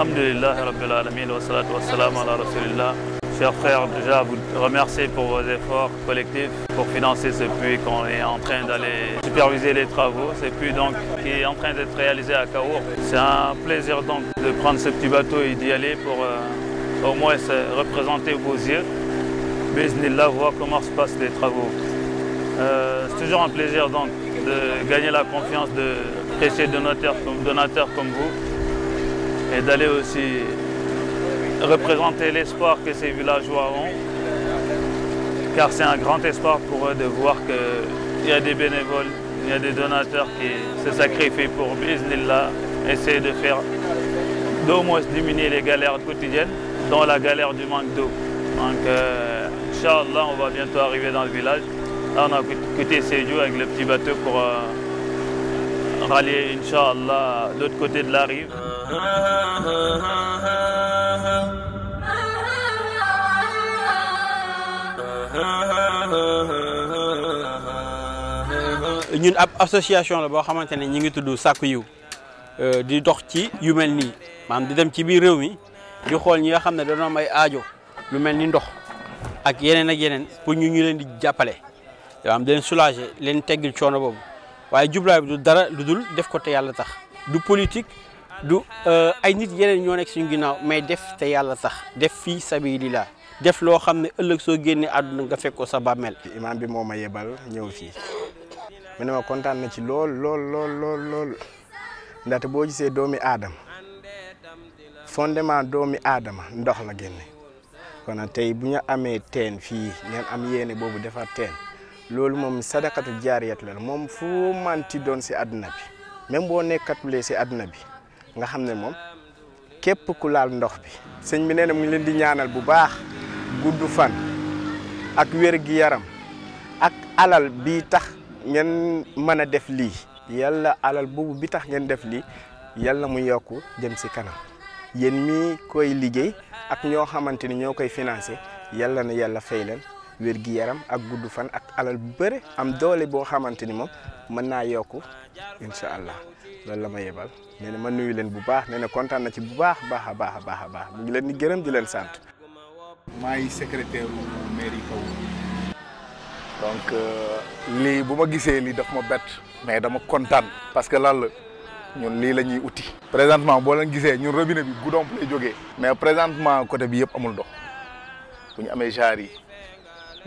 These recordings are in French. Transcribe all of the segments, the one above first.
Alhamdulillah, Rabbil wa ala Chers frères, déjà vous remercier pour vos efforts collectifs pour financer ce puits qu'on est en train d'aller superviser les travaux. Ce puits donc qui est en train d'être réalisé à Kaour. C'est un plaisir donc de prendre ce petit bateau et d'y aller pour euh, au moins se représenter vos yeux. Bismillah, voir comment se passent les travaux. Euh, c'est toujours un plaisir donc de gagner la confiance de précieux donateurs comme, donateurs comme vous et d'aller aussi représenter l'espoir que ces villageois ont, car c'est un grand espoir pour eux de voir qu'il y a des bénévoles, il y a des donateurs qui se sacrifient pour bismillah, essayer de faire d'au moins diminuer les galères quotidiennes, dont la galère du manque d'eau. Donc, euh, Inch'Allah, on va bientôt arriver dans le village. Là, on a quitté Sejou avec le petit bateau pour euh, rallier, Inch'Allah, l'autre côté de la rive. ñun ab association la boo xamante ne ñi ngi tudd Sakku Yiw euh, di dox ci yu mel nii maanaam di dem ci biir réew mi di xool ñi nga xam ne dañoo am aajo lu mel ni ndox ak yeneen ak yeneen pour ñu ñu leen di jàppale yoo xam di leen leen teggil coono boobu waaye jublaay bi du dara lu dul def ko te yàlla tax du politique du euh, ay nit yeneen ñoo nekk suñu ginnaaw mais def te yàlla sax def fii sabilillah def loo xam ne ëllëg soo génnee àdduna nga fekk ko sa bàmmeel. imaam bi moo ma ñëw fii mu ne ma kontaan na ci lool lool lool lool lool ndaxte boo gisee doomi aadama fondement doomi aadama ndox la génne kon tey bu ñu amee teen fii ngeen am yéene boobu defar teen loolu moom sadakatu jaariyat la moom fu manti doon si àdduna bi même boo nekkatul si àdduna bi. nga xam ne moom képp ku laal ndox bi sëñ bi nee na mu leen di ñaanal bu baax gudd fan ak wér gi yaram ak alal bi tax ngeen mën a def lii yàlla alal boobu bi tax ngeen def lii yàlla mu yokku jëm si kanam yéen mi koy liggéey ak ñoo xamante ni ñoo koy financé yalla na yàlla fay wér gi yaram ak gudd fan ak alal bu bëre am doole boo xamante ni moom mën naa yokku incha allah loolu la ma yebal nee na ma nuyu leen bu baax nee na kontaan na ci bu baax baax a baax a baax a baax mu ngi leen di gërëm di leen sant. maay secrétaire mairie kaw donc euh, lii bu ma gisee lii daf ma bett mais dama kontaan parce que lan la ñun lii la ñuy uti présentement boo leen gisee ñun robinet bi guddoom lay jógee mais présentement côté bi yëpp amul ndox bu ñu amee genre yi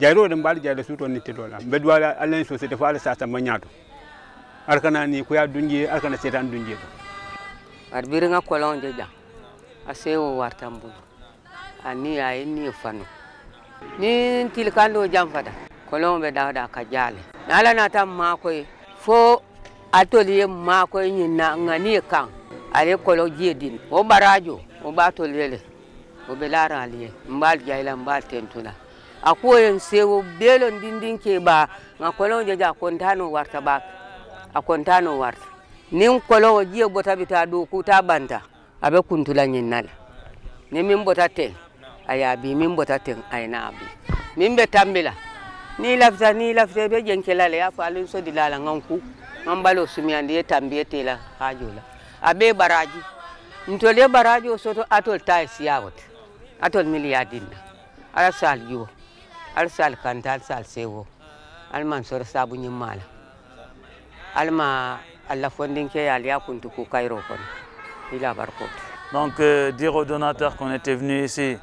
jayro dem bal jayde suto ni teɗola mbeɗa alen so cete fo sa sasa mañato arkana ni koya dunje arkana setan dunje ar biriŋa kolon je jang a sewo wartan bulu ani ay ni fanu ni tilkando jam fata be da da ka jaale ala ma makoye fo ma ye ni na ngani kan ale kolo lo jedin o barajo o ɓatoliyele wo ɓe laara aliye mbaal jayla mbaal tentula akoyen sewo belo dindin ke ba nga kolon jaja kontano warta bak a warta nin kolon jiye bota bita do ku ta banta abe kuntula nyinnal ne min bota ten aya bi min bota ten ayna bi min be tambila ni lafta ni lafta be jenkela le ya falin so dilala nganku ngambalo sumiande ye tambiye tela hajola abe baraji ntole baraji o soto atol tay siyawote atol miliyadinna ala sal jiwo donc euh, dire aux donateurs qu'on était venu ici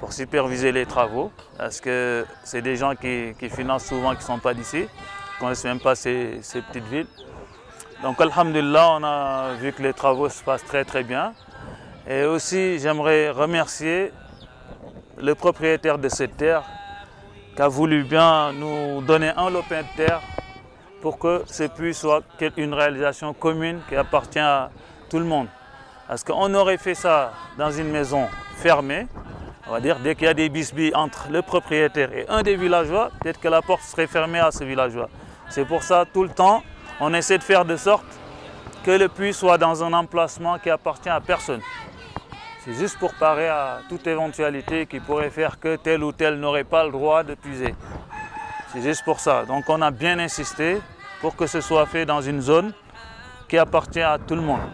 pour superviser les travaux parce que c'est des gens qui, financent souvent qui ne sont pas d'ici, qui ne connaissent même pas ces, petites villes. Donc alhamdulillah, on a vu que les travaux se passent très très bien. Et aussi, j'aimerais remercier le propriétaire de cette terre qui a voulu bien nous donner un lopin de terre pour que ce puits soit une réalisation commune qui appartient à tout le monde. Parce qu'on aurait fait ça dans une maison fermée, on va dire, dès qu'il y a des bisbilles entre le propriétaire et un des villageois, peut-être que la porte serait fermée à ce villageois. C'est pour ça, tout le temps, on essaie de faire de sorte que le puits soit dans un emplacement qui appartient à personne. C'est juste pour parer à toute éventualité qui pourrait faire que tel ou tel n'aurait pas le droit de puiser. C'est juste pour ça. Donc on a bien insisté pour que ce soit fait dans une zone qui appartient à tout le monde.